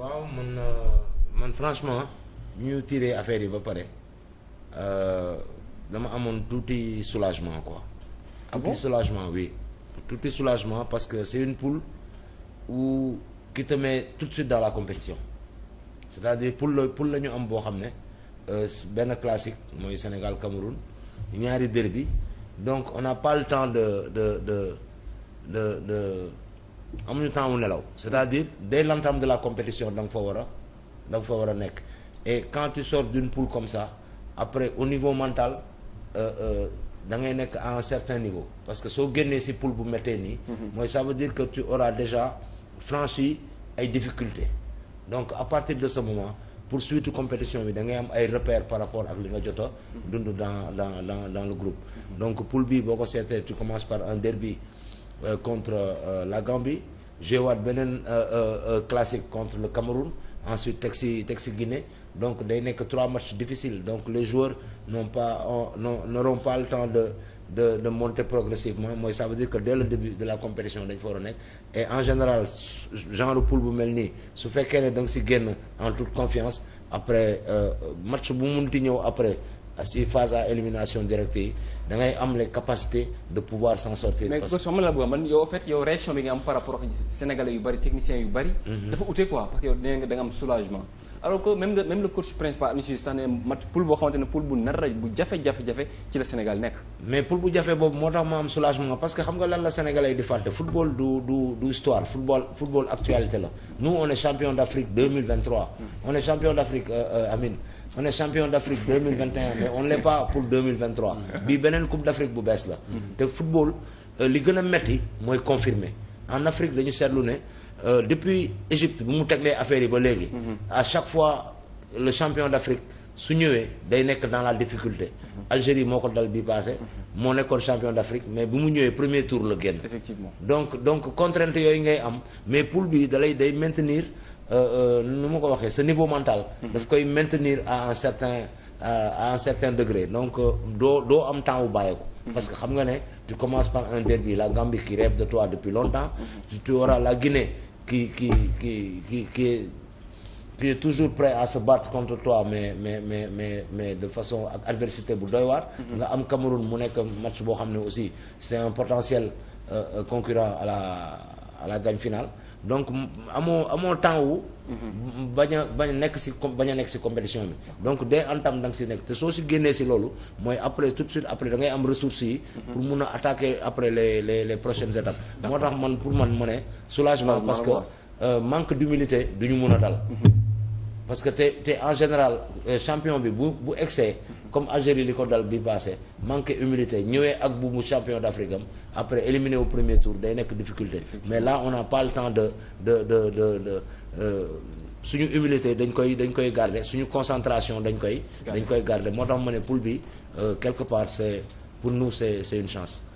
waaw man euh, man franchement bi ñu tiré affaire yi ba pare euh, dama amoon tuuti soulagement quoi. ah bon tuuti soulagement oui. parce que c'est une poule où qui tout de suite dans la compétition c'est-à-dire poule la poule la ñu am boo xam ne euh, benn classique mooy Sénégal Cameroun ñaari bi donc on n'a pas le temps de de de de de. amuñu temps mu nelaw c'est-à-dire dès l'entame de la compétition da nga fa war a da fa war a nekk et quand tu sors d'une poule comme ça après au niveau mental euh, euh, da ngay nekk à un certain niveau parce que soo génnee ci poule bu méttee nii mhm. mooy ça veut dire que tu auras déjà franchi ay difficultés donc à partir de ce moment pour suite compétition bi da ngay am ay repères par rapport ak li nga jot a mhm. dund dans dans dans dans le groupe donc poule bi boo ko seetee tu commences par un derby Euh, contre euh, la Gambie Géowaat beneen euh, classique contre le Cameroun ensuite teg si teg si Guinée donc day nekk trois matchs difficile donc les joueurs n'ont pas non n'auront pas le temps de de de monter progressivement mooy ça veut dire que dès le début de la compétition dañ fa war nekk et en général genre poule bu mel nii su fekkee ne da nga si génn en toute confiance après match bu munti ñëw après si phase à élimination directe yi dangay ngay am les capacités de pouvoir s'en sortir. parce que mais sama la bëgg man yow en fait yow réaction bi nga am par rapport ak yu bari techniciens yu bari. Mhm. dafa ute quoi parce que yow nee nga am soulagement. alors que même même le principal Aliou Cissé sax ne mat poule boo xamante ne poule bu nar bu jafe-jafe-jafe ci la Sénégal nekk. mais poule bu jafe boobu moo tax ma am soulagement parce que xam nga lan la sénégalais di fàtte football du la nous on est champion d'Afrique 2023. beneen coupe d'Afrique bu bees la. te football euh, li gën a metti mooy confirmer en Afrique dañu seetlu ne euh, depuis Égypte bi mu teglee affaire yi ba léegi. à chaque fois le champion d'Afrique su ñëwee day nekk dans la difficulté. Algérie moo ko dal bi passé. moo nekkoon champion d'Afrique mais bi mu ñëwee premier tour la génn. effectivement donc donc contrainte yooyu ngay am mais poule bi dalay day maintenir euh, nu ma ko waxee sa niveau mental. Mm-hmm. daf koy maintenir à un certain. Euh, à un certain degré donc euh, doo doo am temps wu bàyyeeku. parce que xam nga ne tu commences par un derby la Gambie qui rêve de toi depuis longtemps. tu tu auras la Guinée qui qui qui qui qui est toujours prêt à se battre contre toi mais mais mais mais mais de façon ak adversité bu doy waar. nga am Cameroun mu nekk match boo xam ne aussi c'est un potentiel euh, concurrent à la à la gagne donc amoo amoo temps wu. Mhm. bañ a bañ nekk si com bañ a nekk si compétition bi. donc de en temps si nekk te soo si génnee si loolu mooy après tout suite après da am ressources yi. Mhm. pour mun a attaquer après les les les prochaines étapes. moo tax man pour man mu ne soulagement parce que euh, manque du d'humilité du ñu mun a dal. Mhm. parce que te te en général euh, champion bi bu bu excès. comme Algérie li ko dal bi passé manqué humilité ñëwee ak bu mu champion d'Afrique am après éliminé au premier tour day nekk difficulté mais là on n'a pas le temps de de de de euh, suñu humilité dañ koy dañ koy garder suñu concentration dañ koy dañ koy garde moo tax ma ne poule bi euh, quelque part c'est pour nous c'est c'est une chance